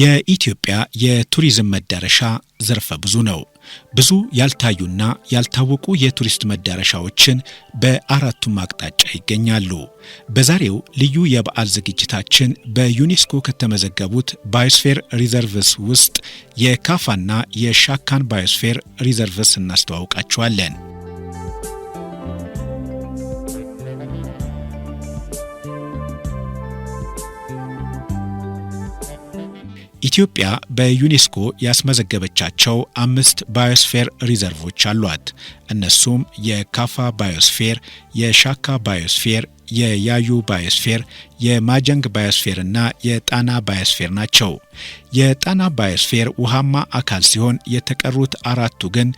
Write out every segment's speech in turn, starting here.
የኢትዮጵያ የቱሪዝም መዳረሻ ዘርፈ ብዙ ነው። ብዙ ያልታዩና ያልታወቁ የቱሪስት መዳረሻዎችን በአራቱም አቅጣጫ ይገኛሉ። በዛሬው ልዩ የበዓል ዝግጅታችን በዩኔስኮ ከተመዘገቡት ባዮስፌር ሪዘርቭስ ውስጥ የካፋና የሻካን ባዮስፌር ሪዘርቭስ እናስተዋውቃችኋለን። ኢትዮጵያ በዩኔስኮ ያስመዘገበቻቸው አምስት ባዮስፌር ሪዘርቮች አሏት። እነሱም የካፋ ባዮስፌር፣ የሻካ ባዮስፌር፣ የያዩ ባዮስፌር፣ የማጀንግ ባዮስፌር እና የጣና ባዮስፌር ናቸው። የጣና ባዮስፌር ውሃማ አካል ሲሆን የተቀሩት አራቱ ግን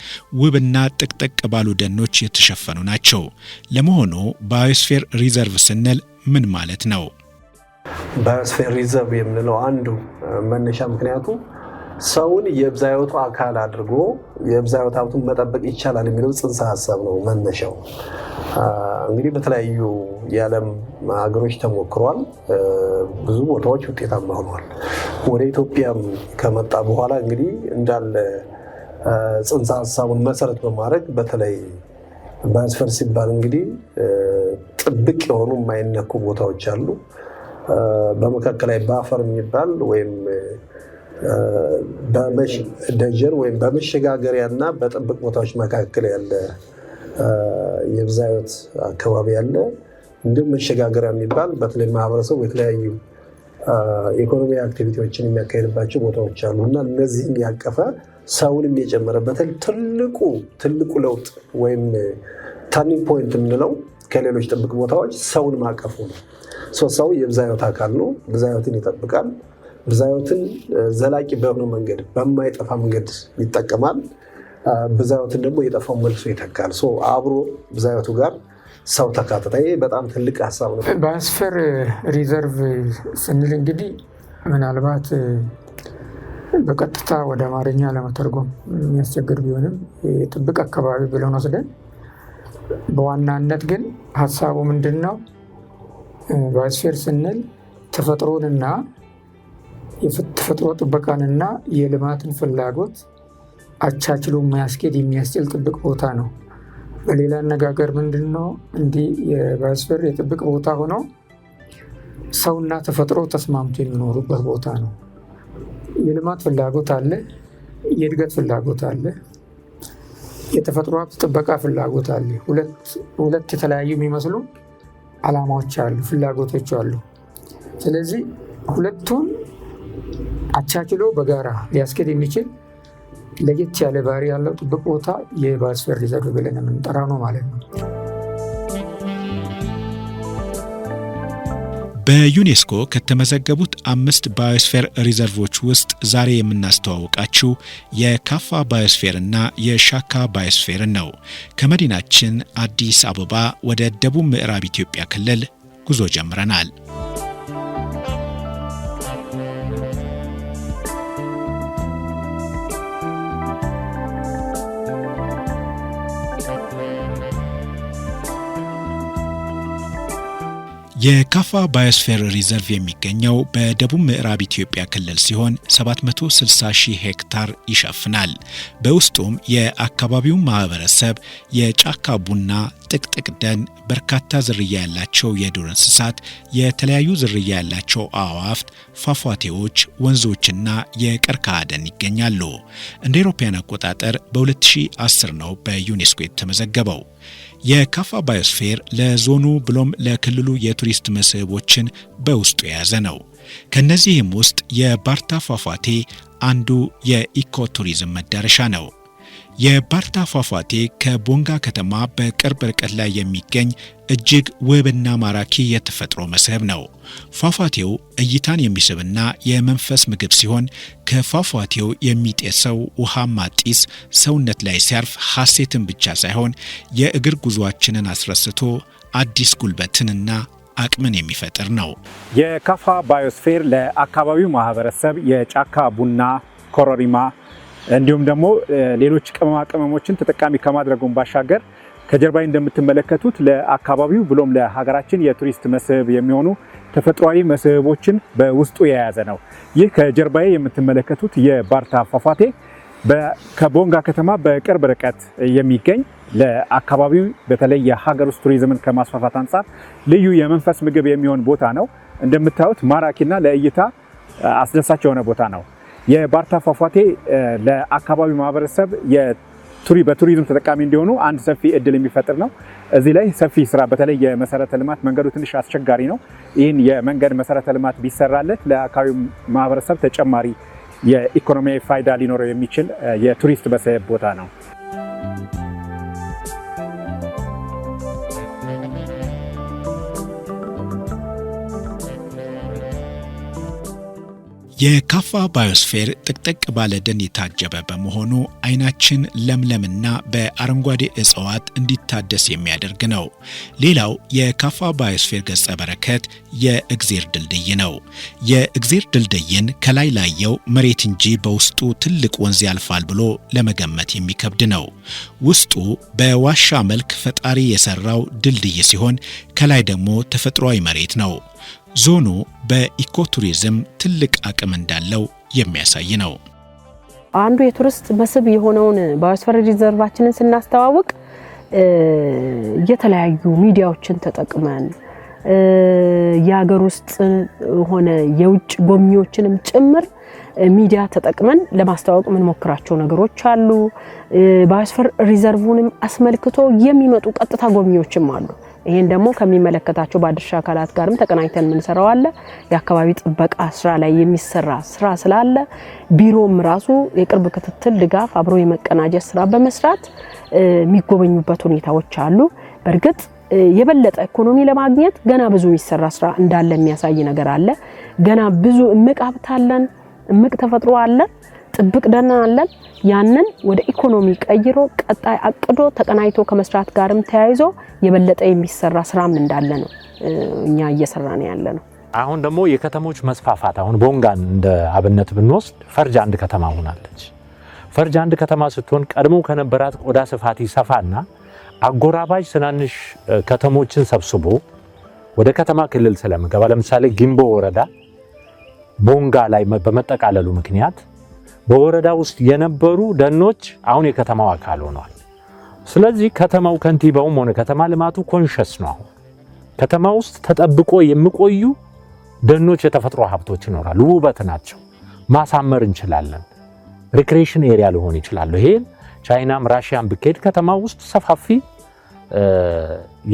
ውብና ጥቅጥቅ ባሉ ደኖች የተሸፈኑ ናቸው። ለመሆኑ ባዮስፌር ሪዘርቭ ስንል ምን ማለት ነው? ባዮስፌር ሪዘርቭ የምንለው አንዱ መነሻ ምክንያቱ ሰውን የብዝሃ አካል አድርጎ የብዝሃ ሀብቱን መጠበቅ ይቻላል የሚለው ጽንሰ ሀሳብ ነው መነሻው። እንግዲህ በተለያዩ የዓለም ሀገሮች ተሞክሯል። ብዙ ቦታዎች ውጤታማ ሆኗል። ወደ ኢትዮጵያም ከመጣ በኋላ እንግዲህ እንዳለ ጽንሰ ሀሳቡን መሰረት በማድረግ በተለይ ባዮስፌር ሲባል እንግዲህ ጥብቅ የሆኑ የማይነኩ ቦታዎች አሉ። በመካከል ላይ ባፈር የሚባል ወይም ደጀን ወይም በመሸጋገሪያና በጥብቅ ቦታዎች መካከል ያለ የብዛዮት አካባቢ ያለ እንዲሁም መሸጋገሪያ የሚባል በተለይ ማህበረሰቡ የተለያዩ ኢኮኖሚ አክቲቪቲዎችን የሚያካሄድባቸው ቦታዎች አሉ እና እነዚህን ያቀፈ ሰውንም የጨመረ በተለይ ትልቁ ትልቁ ለውጥ ወይም ተርኒንግ ፖይንት የምንለው ከሌሎች ጥብቅ ቦታዎች ሰውን ማቀፉ ነው። ሰው የብዝሃ አካል ነው። ብዝሃ ይጠብቃል። ብዝሃ ዘላቂ በሆነ መንገድ፣ በማይጠፋ መንገድ ይጠቀማል። ብዝሃ ደግሞ የጠፋው መልሶ ይተካል። አብሮ ብዝሃ ጋር ሰው ተካተታ። ይሄ በጣም ትልቅ ሀሳብ ነው። ባዮስፌር ሪዘርቭ ስንል እንግዲህ ምናልባት በቀጥታ ወደ አማርኛ ለመተርጎም የሚያስቸግር ቢሆንም ጥብቅ አካባቢ ብለን ወስደን በዋናነት ግን ሀሳቡ ምንድን ነው? ባዮስፌር ስንል ተፈጥሮንና ተፈጥሮ ጥበቃንና የልማትን ፍላጎት አቻችሎ ማያስኬድ የሚያስችል ጥብቅ ቦታ ነው። በሌላ አነጋገር ምንድን ነው እንዲህ የባዮስፌር የጥብቅ ቦታ ሆኖ ሰውና ተፈጥሮ ተስማምቶ የሚኖሩበት ቦታ ነው። የልማት ፍላጎት አለ፣ የእድገት ፍላጎት አለ። የተፈጥሮ ሀብት ጥበቃ ፍላጎት አለ። ሁለት የተለያዩ የሚመስሉ አላማዎች አሉ፣ ፍላጎቶች አሉ። ስለዚህ ሁለቱን አቻችሎ በጋራ ሊያስኬድ የሚችል ለየት ያለ ባህሪ ያለው ጥብቅ ቦታ የባዮስፌር ሪዘርቭ ብለን የምንጠራ ነው ማለት ነው። በዩኔስኮ ከተመዘገቡት አምስት ባዮስፌር ሪዘርቮች ውስጥ ዛሬ የምናስተዋውቃችሁ የካፋ ባዮስፌርና የሻካ ባዮስፌርን ነው። ከመዲናችን አዲስ አበባ ወደ ደቡብ ምዕራብ ኢትዮጵያ ክልል ጉዞ ጀምረናል። የካፋ ባዮስፌር ሪዘርቭ የሚገኘው በደቡብ ምዕራብ ኢትዮጵያ ክልል ሲሆን 760 ሺህ ሄክታር ይሸፍናል። በውስጡም የአካባቢው ማህበረሰብ የጫካ ቡና፣ ጥቅጥቅ ደን፣ በርካታ ዝርያ ያላቸው የዱር እንስሳት፣ የተለያዩ ዝርያ ያላቸው አዋፍት፣ ፏፏቴዎች፣ ወንዞችና የቀርከሃ ደን ይገኛሉ። እንደ አውሮፓውያን አቆጣጠር በ2010 ነው በዩኔስኮ የተመዘገበው። የካፋ ባዮስፌር ለዞኑ ብሎም ለክልሉ የቱሪስት መስህቦችን በውስጡ የያዘ ነው። ከነዚህም ውስጥ የባርታ ፏፏቴ አንዱ የኢኮቱሪዝም መዳረሻ ነው። የባርታ ፏፏቴ ከቦንጋ ከተማ በቅርብ ርቀት ላይ የሚገኝ እጅግ ውብና ማራኪ የተፈጥሮ መስህብ ነው። ፏፏቴው እይታን የሚስብና የመንፈስ ምግብ ሲሆን ከፏፏቴው የሚጤሰው ውሃማ ጢስ ሰውነት ላይ ሲያርፍ ሐሴትን ብቻ ሳይሆን የእግር ጉዞአችንን አስረስቶ አዲስ ጉልበትንና አቅምን የሚፈጥር ነው። የካፋ ባዮስፌር ለአካባቢው ማህበረሰብ የጫካ ቡና ኮረሪማ እንዲሁም ደግሞ ሌሎች ቅመማ ቅመሞችን ተጠቃሚ ከማድረጉን ባሻገር ከጀርባይ እንደምትመለከቱት ለአካባቢው ብሎም ለሀገራችን የቱሪስት መስህብ የሚሆኑ ተፈጥሯዊ መስህቦችን በውስጡ የያዘ ነው። ይህ ከጀርባዬ የምትመለከቱት የባርታ ፏፏቴ ከቦንጋ ከተማ በቅርብ ርቀት የሚገኝ ለአካባቢው በተለይ የሀገር ውስጥ ቱሪዝምን ከማስፋፋት አንጻር ልዩ የመንፈስ ምግብ የሚሆን ቦታ ነው። እንደምታዩት ማራኪና ለእይታ አስደሳች የሆነ ቦታ ነው። የባርታ ፏፏቴ ለአካባቢው ማህበረሰብ በቱሪዝም ተጠቃሚ እንዲሆኑ አንድ ሰፊ እድል የሚፈጥር ነው። እዚህ ላይ ሰፊ ስራ በተለይ የመሰረተ ልማት መንገዱ ትንሽ አስቸጋሪ ነው። ይህን የመንገድ መሰረተ ልማት ቢሰራለት ለአካባቢው ማህበረሰብ ተጨማሪ የኢኮኖሚያዊ ፋይዳ ሊኖረው የሚችል የቱሪስት መስህብ ቦታ ነው። የካፋ ባዮስፌር ጥቅጥቅ ባለ ደን የታጀበ በመሆኑ አይናችን ለምለምና በአረንጓዴ እጽዋት እንዲታደስ የሚያደርግ ነው። ሌላው የካፋ ባዮስፌር ገጸ በረከት የእግዜር ድልድይ ነው። የእግዜር ድልድይን ከላይ ላየው መሬት እንጂ በውስጡ ትልቅ ወንዝ ያልፋል ብሎ ለመገመት የሚከብድ ነው። ውስጡ በዋሻ መልክ ፈጣሪ የሰራው ድልድይ ሲሆን ከላይ ደግሞ ተፈጥሯዊ መሬት ነው። ዞኑ በኢኮቱሪዝም ትልቅ አቅም እንዳለው የሚያሳይ ነው። አንዱ የቱሪስት መስህብ የሆነውን ባዮስፈር ሪዘርቫችንን ስናስተዋውቅ የተለያዩ ሚዲያዎችን ተጠቅመን የሀገር ውስጥ ሆነ የውጭ ጎብኚዎችንም ጭምር ሚዲያ ተጠቅመን ለማስተዋወቅ የምንሞክራቸው ነገሮች አሉ። ባዮስፈር ሪዘርቭንም አስመልክቶ የሚመጡ ቀጥታ ጎብኚዎችም አሉ። ይህን ደግሞ ከሚመለከታቸው ባለድርሻ አካላት ጋርም ተቀናኝተን የምንሰራው አለ። የአካባቢ ጥበቃ ስራ ላይ የሚሰራ ስራ ስላለ ቢሮም ራሱ የቅርብ ክትትል፣ ድጋፍ፣ አብሮ የመቀናጀት ስራ በመስራት የሚጎበኙበት ሁኔታዎች አሉ። በእርግጥ የበለጠ ኢኮኖሚ ለማግኘት ገና ብዙ የሚሰራ ስራ እንዳለ የሚያሳይ ነገር አለ። ገና ብዙ እምቅ ሀብት አለን፣ እምቅ ተፈጥሮ አለን። ጥብቅ ደህና አለን። ያንን ወደ ኢኮኖሚ ቀይሮ ቀጣይ አቅዶ ተቀናይቶ ከመስራት ጋርም ተያይዞ የበለጠ የሚሰራ ስራም እንዳለ ነው እኛ እየሰራ ነው ያለ ነው። አሁን ደግሞ የከተሞች መስፋፋት አሁን ቦንጋን እንደ አብነት ብንወስድ ፈርጅ አንድ ከተማ ሆናለች። ፈርጅ አንድ ከተማ ስትሆን ቀድሞ ከነበራት ቆዳ ስፋት ይሰፋና አጎራባጅ ትናንሽ ከተሞችን ሰብስቦ ወደ ከተማ ክልል ስለምገባ ለምሳሌ ጊምቦ ወረዳ ቦንጋ ላይ በመጠቃለሉ ምክንያት በወረዳ ውስጥ የነበሩ ደኖች አሁን የከተማው አካል ሆኗል። ስለዚህ ከተማው ከንቲባውም ሆነ ከተማ ልማቱ ኮንሸስ ነው። አሁን ከተማ ውስጥ ተጠብቆ የሚቆዩ ደኖች የተፈጥሮ ሀብቶች ይኖራሉ። ውበት ናቸው። ማሳመር እንችላለን። ሪክሬሽን ኤሪያ ሊሆን ይችላሉ። ይሄን ቻይናም ራሽያም ብኬድ ከተማ ውስጥ ሰፋፊ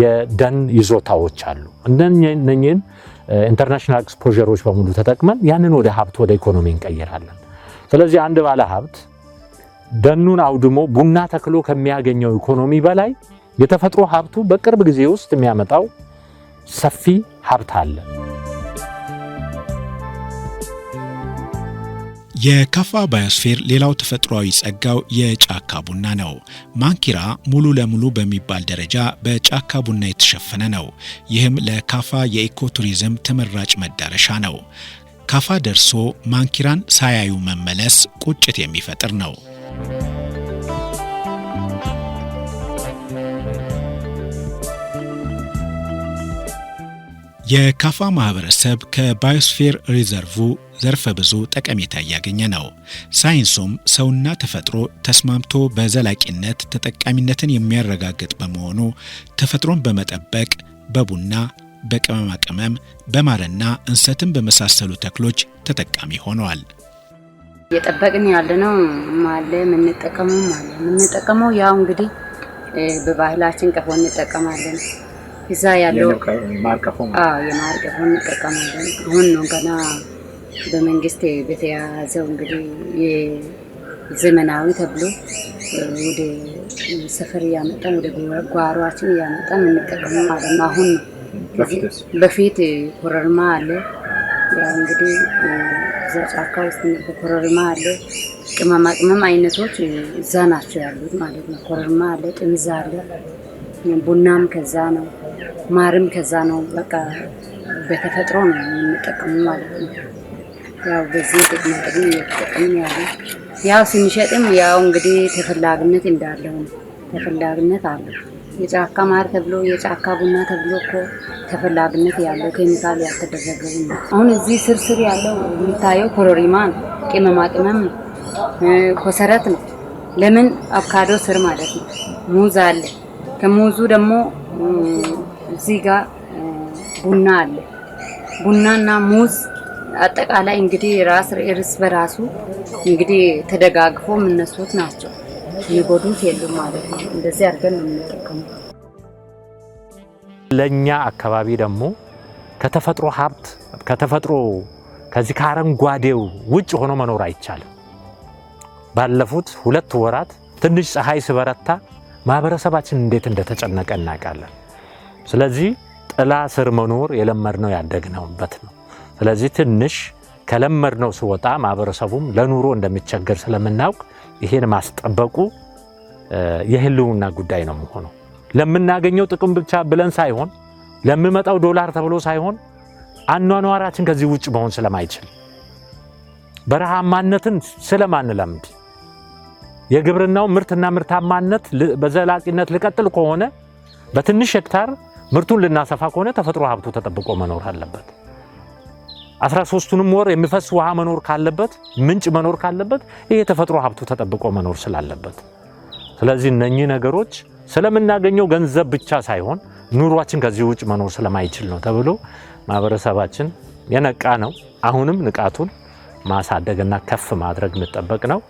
የደን ይዞታዎች አሉ። እነኝህን ኢንተርናሽናል ኤክስፖሮች በሙሉ ተጠቅመን ያንን ወደ ሀብት ወደ ኢኮኖሚ እንቀይራለን። ስለዚህ አንድ ባለ ሀብት ደኑን አውድሞ ቡና ተክሎ ከሚያገኘው ኢኮኖሚ በላይ የተፈጥሮ ሀብቱ በቅርብ ጊዜ ውስጥ የሚያመጣው ሰፊ ሀብት አለ። የካፋ ባዮስፌር ሌላው ተፈጥሯዊ ጸጋው የጫካ ቡና ነው። ማንኪራ ሙሉ ለሙሉ በሚባል ደረጃ በጫካ ቡና የተሸፈነ ነው። ይህም ለካፋ የኢኮቱሪዝም ተመራጭ መዳረሻ ነው። ካፋ ደርሶ ማንኪራን ሳያዩ መመለስ ቁጭት የሚፈጥር ነው። የካፋ ማህበረሰብ ከባዮስፌር ሪዘርቩ ዘርፈ ብዙ ጠቀሜታ እያገኘ ነው። ሳይንሱም ሰውና ተፈጥሮ ተስማምቶ በዘላቂነት ተጠቃሚነትን የሚያረጋግጥ በመሆኑ ተፈጥሮን በመጠበቅ በቡና በቅመማ ቅመም በማርና እንሰትን በመሳሰሉ ተክሎች ተጠቃሚ ሆነዋል። እየጠበቅን ያለ ነው አለ የምንጠቀመው አለ የምንጠቀመው ያው እንግዲህ በባህላችን ቀፎ እንጠቀማለን። እዛ ያለው የማርቀፎ እንጠቀማለን። አሁን ነው ገና በመንግስት በተያዘው እንግዲህ ዘመናዊ ተብሎ ወደ ሰፈር እያመጣን ወደ ጓሯችን እያመጣን እንጠቀመው ማለት አሁን ነው በፊት ኮረርማ አለ። እንግዲህ እዛ ጫካ ውስጥ ኮረርማ አለ። ቅመማ ቅመም አይነቶች እዛ ናቸው ያሉት ማለት ነው። ኮረርማ አለ፣ ጥምዝ አለ፣ ቡናም ከዛ ነው፣ ማርም ከዛ ነው። በቃ በተፈጥሮ ነው የምንጠቀሙ ማለት ነው። ያው በዚህ ጥቅማ ጥቅም እየተጠቀምን ያለ ያው ስንሸጥም ያው እንግዲህ ተፈላጊነት እንዳለው ነው። ተፈላጊነት አለው። የጫካ ማር ተብሎ የጫካ ቡና ተብሎ እኮ ተፈላጊነት ያለው ኬሚካል ያልተደረገ ቡና። አሁን እዚህ ስር ስር ያለው የሚታየው ኮረሪማ ነው፣ ቅመማ ቅመም ኮሰረት ነው። ለምን አቮካዶ ስር ማለት ነው። ሙዝ አለ። ከሙዙ ደግሞ እዚህ ጋር ቡና አለ። ቡናና ሙዝ አጠቃላይ እንግዲህ ራስ እርስ በራሱ እንግዲህ ተደጋግፎ የምነሱት ናቸው። የሚጎዱት የሉም ማለት ነው። እንደዚህ አድርገን ነው የምንጠቀመው። ለእኛ አካባቢ ደግሞ ከተፈጥሮ ሀብት ከተፈጥሮ ከዚህ ከአረንጓዴው ውጭ ሆኖ መኖር አይቻልም። ባለፉት ሁለት ወራት ትንሽ ፀሐይ ስበረታ ማህበረሰባችን እንዴት እንደተጨነቀ እናውቃለን። ስለዚህ ጥላ ስር መኖር የለመድነው ያደግነውበት ነው። ስለዚህ ትንሽ ከለመድነው ስወጣ ማህበረሰቡም ለኑሮ እንደሚቸገር ስለምናውቅ ይሄን ማስጠበቁ የህልውና ጉዳይ ነው የሚሆነው። ለምናገኘው ጥቅም ብቻ ብለን ሳይሆን ለሚመጣው ዶላር ተብሎ ሳይሆን አኗኗራችን ከዚህ ውጭ መሆን ስለማይችል በረሃማነትን ስለማንለምድ የግብርናው ምርትና ምርታማነት በዘላቂነት ልቀጥል ከሆነ በትንሽ ሄክታር ምርቱን ልናሰፋ ከሆነ ተፈጥሮ ሀብቱ ተጠብቆ መኖር አለበት። 13ቱንም ወር የሚፈስ ውሃ መኖር ካለበት ምንጭ መኖር ካለበት ይሄ የተፈጥሮ ሀብቱ ተጠብቆ መኖር ስላለበት፣ ስለዚህ እነኚህ ነገሮች ስለምናገኘው ገንዘብ ብቻ ሳይሆን ኑሯችን ከዚህ ውጭ መኖር ስለማይችል ነው ተብሎ ማህበረሰባችን የነቃ ነው። አሁንም ንቃቱን ማሳደግና ከፍ ማድረግ የሚጠበቅ ነው።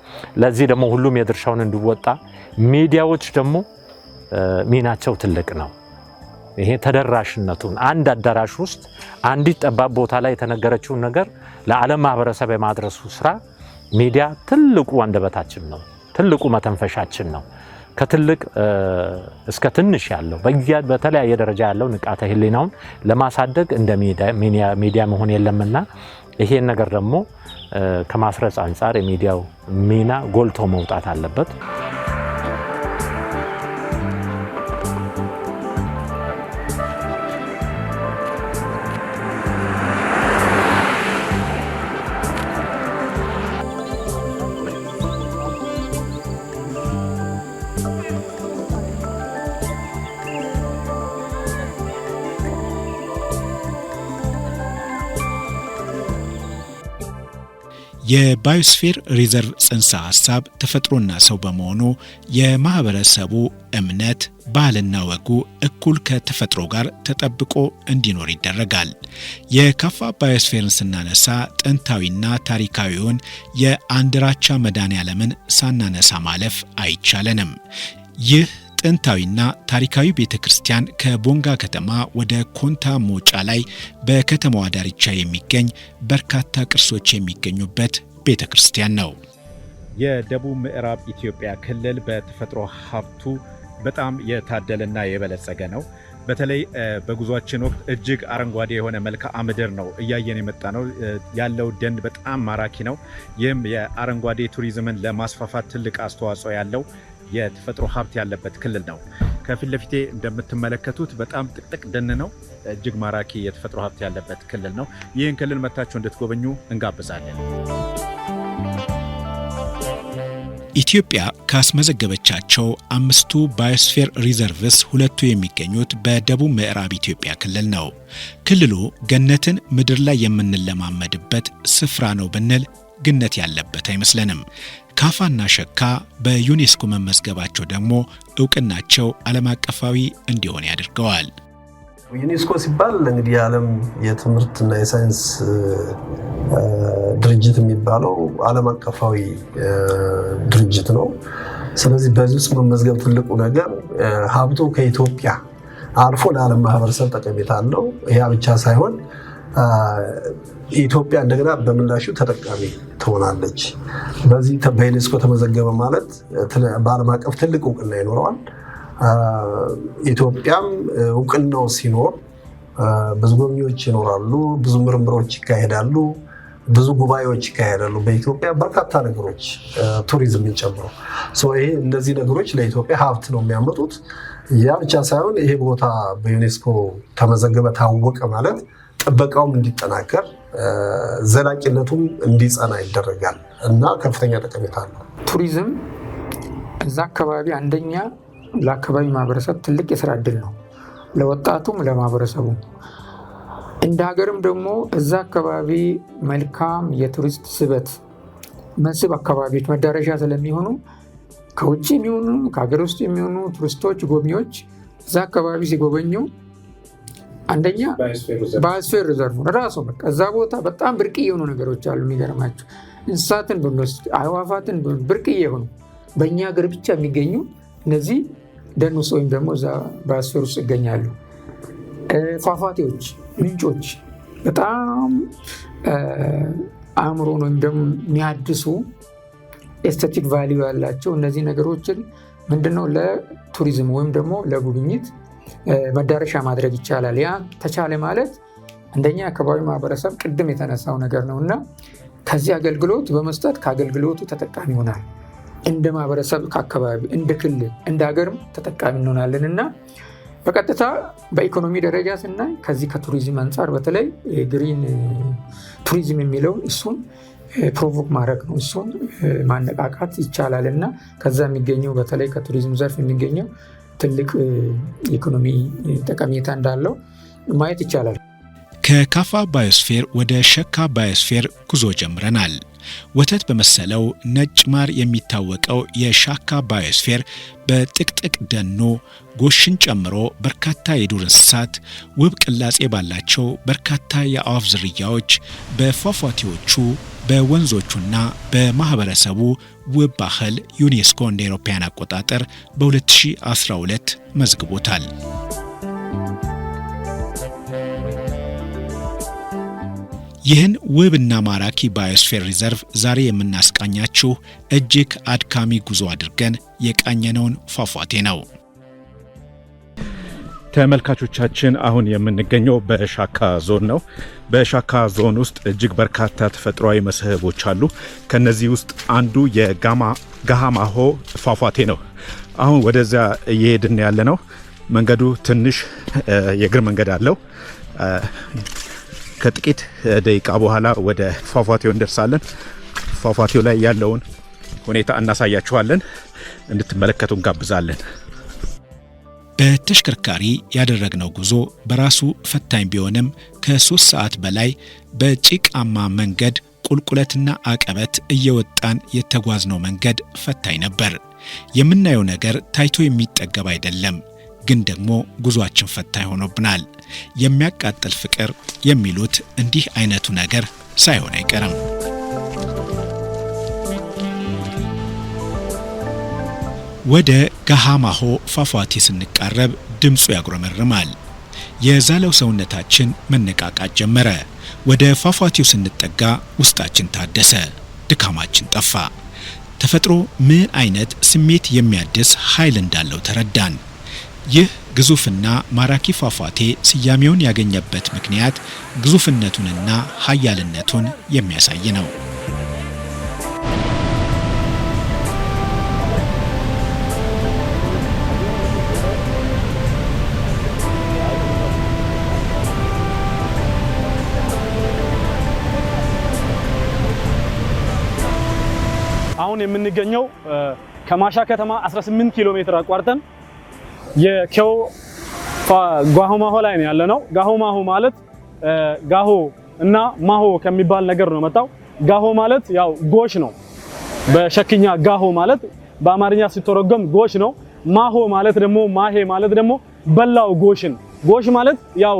ለዚህ ደግሞ ሁሉም የድርሻውን እንዲወጣ ሚዲያዎች ደግሞ ሚናቸው ትልቅ ነው። ይሄ ተደራሽነቱን አንድ አዳራሽ ውስጥ አንዲት ጠባብ ቦታ ላይ የተነገረችውን ነገር ለዓለም ማህበረሰብ የማድረሱ ስራ ሚዲያ ትልቁ አንደበታችን ነው፣ ትልቁ መተንፈሻችን ነው። ከትልቅ እስከ ትንሽ ያለው በተለያየ ደረጃ ያለው ንቃተ ህሊናውን ለማሳደግ እንደ ሚዲያ መሆን የለምና ይሄን ነገር ደግሞ ከማስረጽ አንጻር የሚዲያው ሚና ጎልቶ መውጣት አለበት። የባዮስፌር ሪዘርቭ ጽንሰ ሐሳብ ተፈጥሮና ሰው በመሆኑ የማኅበረሰቡ እምነት፣ ባህልና ወጉ እኩል ከተፈጥሮ ጋር ተጠብቆ እንዲኖር ይደረጋል። የከፋ ባዮስፌርን ስናነሳ ጥንታዊና ታሪካዊውን የአንድራቻ መዳን ዓለምን ሳናነሳ ማለፍ አይቻለንም። ይህ ጥንታዊና ታሪካዊ ቤተ ክርስቲያን ከቦንጋ ከተማ ወደ ኮንታ መውጫ ላይ በከተማዋ ዳርቻ የሚገኝ በርካታ ቅርሶች የሚገኙበት ቤተ ክርስቲያን ነው። የደቡብ ምዕራብ ኢትዮጵያ ክልል በተፈጥሮ ሀብቱ በጣም የታደለና የበለጸገ ነው። በተለይ በጉዟችን ወቅት እጅግ አረንጓዴ የሆነ መልክዓ ምድር ነው እያየን የመጣ ነው። ያለው ደን በጣም ማራኪ ነው። ይህም የአረንጓዴ ቱሪዝምን ለማስፋፋት ትልቅ አስተዋጽኦ ያለው የተፈጥሮ ሀብት ያለበት ክልል ነው። ከፊት ለፊቴ እንደምትመለከቱት በጣም ጥቅጥቅ ደን ነው። እጅግ ማራኪ የተፈጥሮ ሀብት ያለበት ክልል ነው። ይህን ክልል መታችሁ እንድትጎበኙ እንጋብዛለን። ኢትዮጵያ ካስመዘገበቻቸው አምስቱ ባዮስፌር ሪዘርቭስ ሁለቱ የሚገኙት በደቡብ ምዕራብ ኢትዮጵያ ክልል ነው። ክልሉ ገነትን ምድር ላይ የምንለማመድበት ስፍራ ነው ብንል ግነት ያለበት አይመስለንም። ካፋና ሸካ በዩኔስኮ መመዝገባቸው ደግሞ እውቅናቸው ዓለም አቀፋዊ እንዲሆን ያደርገዋል። ዩኔስኮ ሲባል እንግዲህ የዓለም የትምህርትና የሳይንስ ድርጅት የሚባለው ዓለም አቀፋዊ ድርጅት ነው። ስለዚህ በዚህ ውስጥ መመዝገብ ትልቁ ነገር ሀብቱ ከኢትዮጵያ አልፎ ለዓለም ማህበረሰብ ጠቀሜታ አለው። ያ ብቻ ሳይሆን ኢትዮጵያ እንደገና በምላሹ ተጠቃሚ ትሆናለች። በዚህ በዩኔስኮ ተመዘገበ ማለት በዓለም አቀፍ ትልቅ እውቅና ይኖረዋል። ኢትዮጵያም እውቅናው ሲኖር ብዙ ጎብኚዎች ይኖራሉ፣ ብዙ ምርምሮች ይካሄዳሉ፣ ብዙ ጉባኤዎች ይካሄዳሉ። በኢትዮጵያ በርካታ ነገሮች ቱሪዝምን ጨምሮ ይሄ እነዚህ ነገሮች ለኢትዮጵያ ሀብት ነው የሚያመጡት። ያ ብቻ ሳይሆን ይሄ ቦታ በዩኔስኮ ተመዘገበ ታወቀ ማለት ጥበቃውም እንዲጠናከር ዘላቂነቱም እንዲጸና ይደረጋል እና ከፍተኛ ጠቀሜታ አለው። ቱሪዝም እዛ አካባቢ አንደኛ ለአካባቢ ማህበረሰብ ትልቅ የስራ እድል ነው፣ ለወጣቱም ለማህበረሰቡ። እንደ ሀገርም ደግሞ እዛ አካባቢ መልካም የቱሪስት ስበት መስህብ አካባቢዎች መዳረሻ ስለሚሆኑ ከውጭ የሚሆኑ ከሀገር ውስጥ የሚሆኑ ቱሪስቶች፣ ጎብኚዎች እዛ አካባቢ ሲጎበኙ አንደኛ ባዮስፌር ሪዘርቭ ራሱ በቃ እዛ ቦታ በጣም ብርቅዬ የሆኑ ነገሮች አሉ። የሚገርማቸው እንስሳትን ብንወስድ አዕዋፋትን ብርቅዬ የሆኑ በእኛ ሀገር ብቻ የሚገኙ እነዚህ ደን ውስጥ ወይም ደግሞ እዛ ባዮስፌር ውስጥ ይገኛሉ። ፏፏቴዎች፣ ምንጮች በጣም አእምሮን ወይም ደግሞ የሚያድሱ ኤስቴቲክ ቫሊዩ ያላቸው እነዚህ ነገሮችን ምንድነው ለቱሪዝም ወይም ደግሞ ለጉብኝት መዳረሻ ማድረግ ይቻላል። ያ ተቻለ ማለት አንደኛ አካባቢ ማህበረሰብ ቅድም የተነሳው ነገር ነው እና ከዚህ አገልግሎት በመስጠት ከአገልግሎቱ ተጠቃሚ ይሆናል። እንደ ማህበረሰብ ከአካባቢ እንደ ክልል እንደ ሀገርም ተጠቃሚ እንሆናለን እና በቀጥታ በኢኮኖሚ ደረጃ ስናይ ከዚህ ከቱሪዝም አንጻር በተለይ ግሪን ቱሪዝም የሚለውን እሱን ፕሮቮክ ማድረግ ነው፣ እሱን ማነቃቃት ይቻላል እና ከዛ የሚገኘው በተለይ ከቱሪዝም ዘርፍ የሚገኘው ትልቅ ኢኮኖሚ ጠቀሜታ እንዳለው ማየት ይቻላል። ከካፋ ባዮስፌር ወደ ሸካ ባዮስፌር ጉዞ ጀምረናል። ወተት በመሰለው ነጭ ማር የሚታወቀው የሻካ ባዮስፌር በጥቅጥቅ ደኑ ጎሽን ጨምሮ በርካታ የዱር እንስሳት፣ ውብ ቅላጼ ባላቸው በርካታ የአዋፍ ዝርያዎች በፏፏቴዎቹ በወንዞቹና በማኅበረሰቡ ውብ ባህል ዩኔስኮ እንደ አውሮፓውያን አቆጣጠር በ2012 መዝግቦታል። ይህን ውብና ማራኪ ባዮስፌር ሪዘርቭ ዛሬ የምናስቃኛችሁ እጅግ አድካሚ ጉዞ አድርገን የቃኘነውን ፏፏቴ ነው። ተመልካቾቻችን አሁን የምንገኘው በሻካ ዞን ነው። በሻካ ዞን ውስጥ እጅግ በርካታ ተፈጥሯዊ መስህቦች አሉ። ከነዚህ ውስጥ አንዱ የጋማ ጋሃማሆ ፏፏቴ ነው። አሁን ወደዚያ እየሄድን ያለ ነው። መንገዱ ትንሽ የእግር መንገድ አለው። ከጥቂት ደቂቃ በኋላ ወደ ፏፏቴው እንደርሳለን። ፏፏቴው ላይ ያለውን ሁኔታ እናሳያችኋለን። እንድትመለከቱ እንጋብዛለን። በተሽከርካሪ ያደረግነው ጉዞ በራሱ ፈታኝ ቢሆንም ከሶስት ሰዓት በላይ በጭቃማ መንገድ ቁልቁለትና አቀበት እየወጣን የተጓዝነው መንገድ ፈታኝ ነበር። የምናየው ነገር ታይቶ የሚጠገብ አይደለም፣ ግን ደግሞ ጉዞአችን ፈታኝ ሆኖብናል። የሚያቃጥል ፍቅር የሚሉት እንዲህ አይነቱ ነገር ሳይሆን አይቀርም። ወደ ጋሃማሆ ፏፏቴ ስንቃረብ ድምፁ ያጉረመርማል። የዛለው ሰውነታችን መነቃቃት ጀመረ። ወደ ፏፏቴው ስንጠጋ ውስጣችን ታደሰ፣ ድካማችን ጠፋ። ተፈጥሮ ምን አይነት ስሜት የሚያድስ ኃይል እንዳለው ተረዳን። ይህ ግዙፍና ማራኪ ፏፏቴ ስያሜውን ያገኘበት ምክንያት ግዙፍነቱንና ኃያልነቱን የሚያሳይ ነው። አሁን የምንገኘው ከማሻ ከተማ 18 ኪሎ ሜትር አቋርጠን የኬው ጓሆማሆ ላይ ነው ነው። ጋሆማሆ ማለት ጋሆ እና ማሆ ከሚባል ነገር ነው መጣው። ጋሆ ማለት ያው ጎሽ ነው በሸክኛ ጋሆ ማለት በአማርኛ ሲተረጎም ጎሽ ነው። ማሆ ማለት ደግሞ ማሄ ማለት ደግሞ በላው ጎሽን። ጎሽ ማለት ያው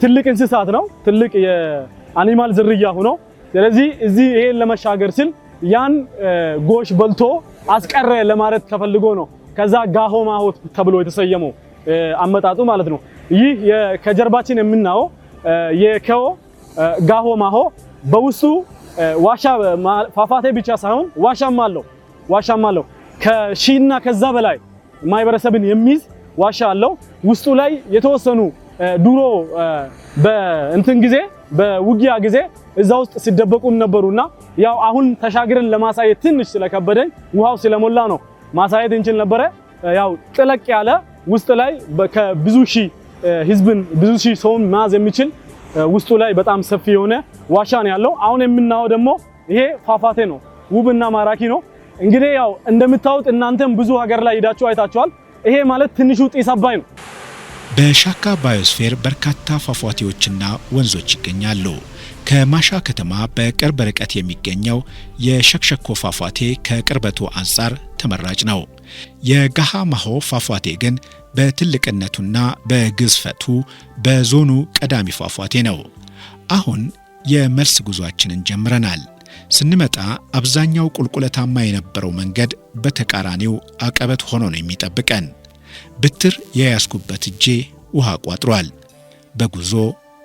ትልቅ እንስሳት ነው፣ ትልቅ የአኒማል ዝርያ ሆኖ ስለዚህ እዚህ ይሄን ለመሻገር ሲል ያን ጎሽ በልቶ አስቀረ ለማለት ተፈልጎ ነው። ከዛ ጋሆ ማሆት ተብሎ የተሰየመው አመጣጡ ማለት ነው። ይህ ከጀርባችን የምናየው የከው ጋሆ ማሆ በውስጡ ዋሻ ፏፏቴ ብቻ ሳይሆን ዋሻም አለው ዋሻም አለው። ከሺና ከዛ በላይ ማህበረሰብን የሚይዝ ዋሻ አለው። ውስጡ ላይ የተወሰኑ ድሮ በእንትን ጊዜ በውጊያ ጊዜ እዛ ውስጥ ሲደበቁ ነበሩና ያው አሁን ተሻግረን ለማሳየት ትንሽ ስለከበደኝ ውሃው ስለሞላ ነው ማሳየት እንችል ነበረ። ያው ጥለቅ ያለ ውስጥ ላይ ከብዙ ሺህ ህዝብን ብዙ ሺህ ሰውን መያዝ የሚችል ውስጡ ላይ በጣም ሰፊ የሆነ ዋሻ ነው ያለው። አሁን የምናየው ደግሞ ይሄ ፏፏቴ ነው። ውብና ማራኪ ነው። እንግዲህ ያው እንደምታዩት እናንተም ብዙ ሀገር ላይ ሄዳችሁ አይታችኋል። ይሄ ማለት ትንሹ ጢስ አባይ ነው። በሻካ ባዮስፌር በርካታ ፏፏቴዎችና ወንዞች ይገኛሉ። ከማሻ ከተማ በቅርብ ርቀት የሚገኘው የሸክሸኮ ፏፏቴ ከቅርበቱ አንጻር ተመራጭ ነው። የጋሃ ማሆ ፏፏቴ ግን በትልቅነቱና በግዝፈቱ በዞኑ ቀዳሚ ፏፏቴ ነው። አሁን የመልስ ጉዟችንን ጀምረናል። ስንመጣ አብዛኛው ቁልቁለታማ የነበረው መንገድ በተቃራኒው አቀበት ሆኖ ነው የሚጠብቀን። ብትር የያዝኩበት እጄ ውሃ ቋጥሯል። በጉዞ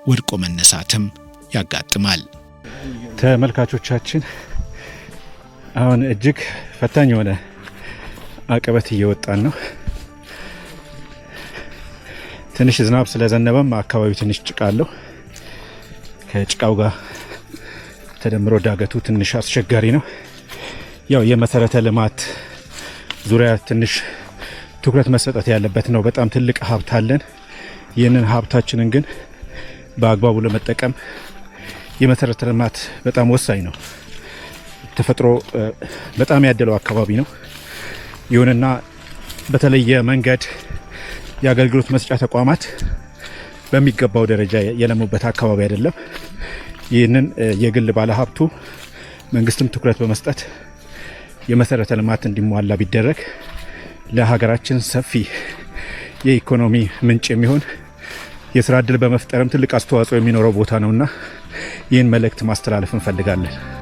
ወድቆ መነሳትም ያጋጥማል። ተመልካቾቻችን አሁን እጅግ ፈታኝ የሆነ አቀበት እየወጣን ነው። ትንሽ ዝናብ ስለዘነበም አካባቢ ትንሽ ጭቃ አለው። ከጭቃው ጋር ተደምሮ ዳገቱ ትንሽ አስቸጋሪ ነው። ያው የመሰረተ ልማት ዙሪያ ትንሽ ትኩረት መሰጠት ያለበት ነው። በጣም ትልቅ ሀብት አለን። ይህንን ሀብታችንን ግን በአግባቡ ለመጠቀም የመሰረተ ልማት በጣም ወሳኝ ነው። ተፈጥሮ በጣም ያደለው አካባቢ ነው። ይሁንና በተለየ መንገድ የአገልግሎት መስጫ ተቋማት በሚገባው ደረጃ የለሙበት አካባቢ አይደለም። ይህንን የግል ባለሀብቱ መንግስትም ትኩረት በመስጠት የመሰረተ ልማት እንዲሟላ ቢደረግ ለሀገራችን ሰፊ የኢኮኖሚ ምንጭ የሚሆን የስራ እድል በመፍጠርም ትልቅ አስተዋጽኦ የሚኖረው ቦታ ነውና ይህን መልእክት ማስተላለፍ እንፈልጋለን።